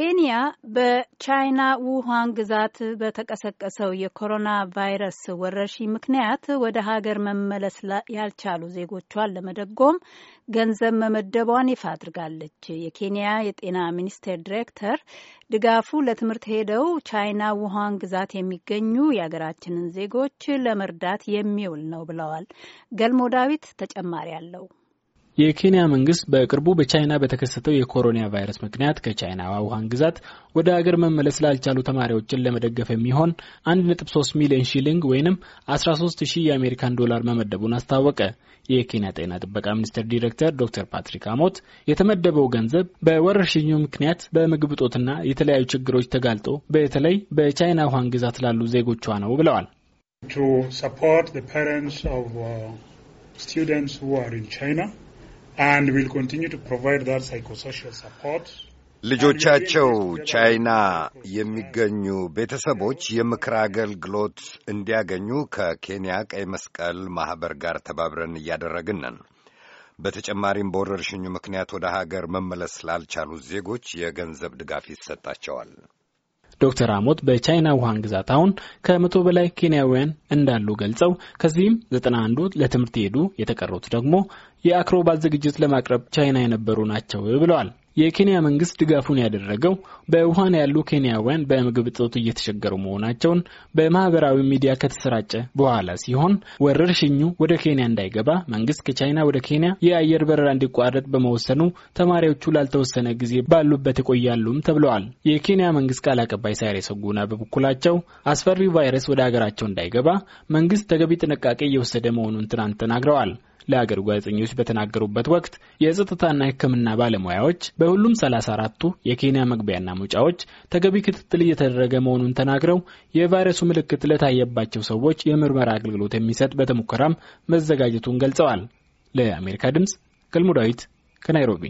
ኬንያ በቻይና ውሃን ግዛት በተቀሰቀሰው የኮሮና ቫይረስ ወረርሽኝ ምክንያት ወደ ሀገር መመለስ ያልቻሉ ዜጎቿን ለመደጎም ገንዘብ መመደቧን ይፋ አድርጋለች። የኬንያ የጤና ሚኒስቴር ዲሬክተር ድጋፉ ለትምህርት ሄደው ቻይና ውሃን ግዛት የሚገኙ የሀገራችንን ዜጎች ለመርዳት የሚውል ነው ብለዋል። ገልሞ ዳዊት ተጨማሪ አለው። የኬንያ መንግስት በቅርቡ በቻይና በተከሰተው የኮሮና ቫይረስ ምክንያት ከቻይና ውሃን ግዛት ወደ አገር መመለስ ላልቻሉ ተማሪዎችን ለመደገፍ የሚሆን 1.3 ሚሊዮን ሺሊንግ ወይም 130 የአሜሪካን ዶላር መመደቡን አስታወቀ። የኬንያ ጤና ጥበቃ ሚኒስቴር ዲሬክተር ዶክተር ፓትሪክ አሞት የተመደበው ገንዘብ በወረርሽኙ ምክንያት በምግብ እጦትና የተለያዩ ችግሮች ተጋልጦ በተለይ በቻይና ውሃን ግዛት ላሉ ዜጎቿ ነው ብለዋል። to support the parents of uh, students who are in China ልጆቻቸው ቻይና የሚገኙ ቤተሰቦች የምክር አገልግሎት እንዲያገኙ ከኬንያ ቀይ መስቀል ማኅበር ጋር ተባብረን እያደረግን ነን። በተጨማሪም በወረርሽኙ ምክንያት ወደ ሀገር መመለስ ላልቻሉ ዜጎች የገንዘብ ድጋፍ ይሰጣቸዋል። ዶክተር አሞት በቻይና ውሃን ግዛት አሁን ከመቶ በላይ ኬንያውያን እንዳሉ ገልጸው ከዚህም ዘጠና አንዱ ለትምህርት ሄዱ፣ የተቀሩት ደግሞ የአክሮባት ዝግጅት ለማቅረብ ቻይና የነበሩ ናቸው ብለዋል። የኬንያ መንግስት ድጋፉን ያደረገው በውሃን ያሉ ኬንያውያን በምግብ እጦት እየተቸገሩ መሆናቸውን በማህበራዊ ሚዲያ ከተሰራጨ በኋላ ሲሆን ወረርሽኙ ወደ ኬንያ እንዳይገባ መንግስት ከቻይና ወደ ኬንያ የአየር በረራ እንዲቋረጥ በመወሰኑ ተማሪዎቹ ላልተወሰነ ጊዜ ባሉበት ይቆያሉም ተብለዋል። የኬንያ መንግስት ቃል አቀባይ ሳይሬ ሰጉና በበኩላቸው አስፈሪው ቫይረስ ወደ ሀገራቸው እንዳይገባ መንግስት ተገቢ ጥንቃቄ እየወሰደ መሆኑን ትናንት ተናግረዋል። ለአገር ጋዜጠኞች በተናገሩበት ወቅት የጸጥታና ሕክምና ባለሙያዎች በሁሉም ሰላሳ ቱ የኬንያ መግቢያና መውጫዎች ተገቢ ክትትል እየተደረገ መሆኑን ተናግረው የቫይረሱ ምልክት ለታየባቸው ሰዎች የምርመራ አገልግሎት የሚሰጥ በተሙከራም መዘጋጀቱን ገልጸዋል። ለአሜሪካ ድምጽ ገልሞ ዳዊት ከናይሮቢ